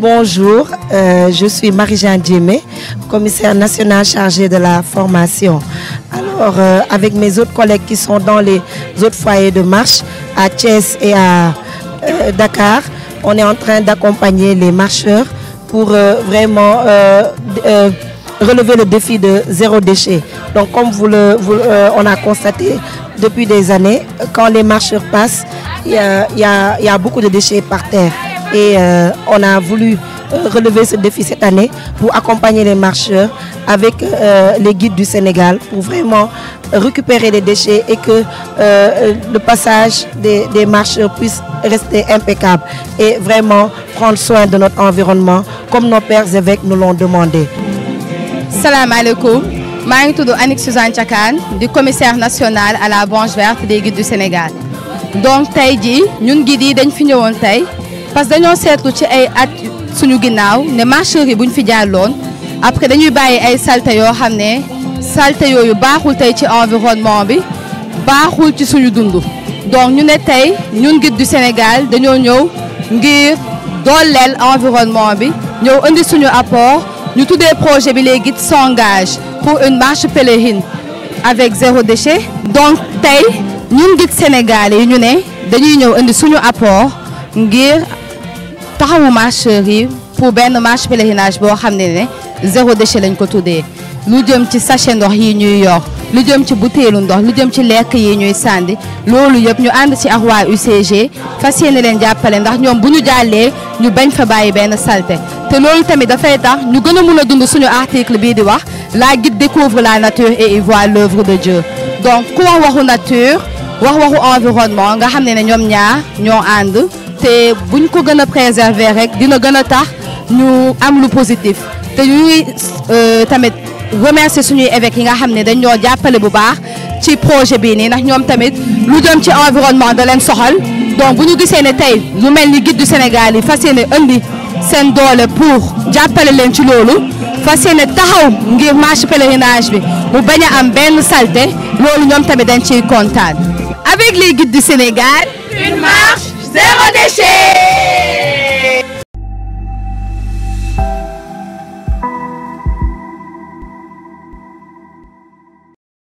Bonjour, euh, je suis Marie-Jeanne Djemé, commissaire national chargé de la formation. Alors, euh, avec mes autres collègues qui sont dans les autres foyers de marche à Thiès et à euh, Dakar, on est en train d'accompagner les marcheurs pour euh, vraiment euh, euh, relever le défi de zéro déchet. Donc, comme vous le, vous, on a constaté depuis des années, quand les marcheurs passent, il y, y, y a beaucoup de déchets par terre. Et euh, on a voulu euh, relever ce défi cette année pour accompagner les marcheurs avec euh, les guides du Sénégal pour vraiment récupérer les déchets et que euh, le passage des, des, marcheurs puisse rester impeccable et vraiment prendre soin de notre environnement comme nos pères évêques nous l'ont demandé. Salam alaikum. Je suis Annick national à la branche verte des guides du Sénégal. Donc, aujourd'hui, nous guides, nous sommes venus parce que dañoo seetu ci ay at suñu ginnaaw ne marcheurs yi buñ fi jàlloon après dañuy bàyyi ay salte yoo xam ne saleté yooyu baaxul tey ci environnement bi baaxul ci suñu dund. donc ñu ne tey ñun Guides du Sénégal dañoo ñëw ngir dooleel environnement bi ñëw indi suñu apport ñu tuddee projet bi les guides s'engagent pour une marche pèlerine avec zéro déchet. donc tey ñun Guides Sénégal yi ñu ne dañuy ñëw indi suñu apport ngir taxawu marcheurs yi pour benn marche pèlerinage boo xam ne ne zéro déchet lañ ko tuddee lu jëm ci sachet ndox yi ñuy yor lu jëm ci butéelu ndox lu jëm ci lekk yi ñuy sàndi loolu yëpp ñu ànd ci ak waa UCG fas yéene leen jàppale ndax ñoom bu ñu jàllee ñu bañ fa bàyyi benn salte te loolu tamit dafay tax ñu gën a mun a dund suñu article bii di wax laa guide découvre la nature et y voit l'œuvre de Dieu donc ku wax waxu nature wax waxu environnement nga xam ne ne ñoom ñaar ñoo ànd te buñ ko gën a préserver rek dina gën a tax ñu am lu positif te ñuy euh, tamit remercier suñuy évêques yi nga xam ne dañ ñoo jàppale bu baax ci projet bii nii ndax ñoom tamit lu jëm ci environnement da leen soxal donc bu ñu gisee ne tey lu mel ni guide du Sénégal yi fas yéene indi seen doole pour jàppale leen ci loolu fas yéene taxaw ngir marche pèlerinage bi mu bañ a am benn salte loolu ñoom tamit dañ ciy kontaan. Avec les guides du Sénégal, une marche zéro déchet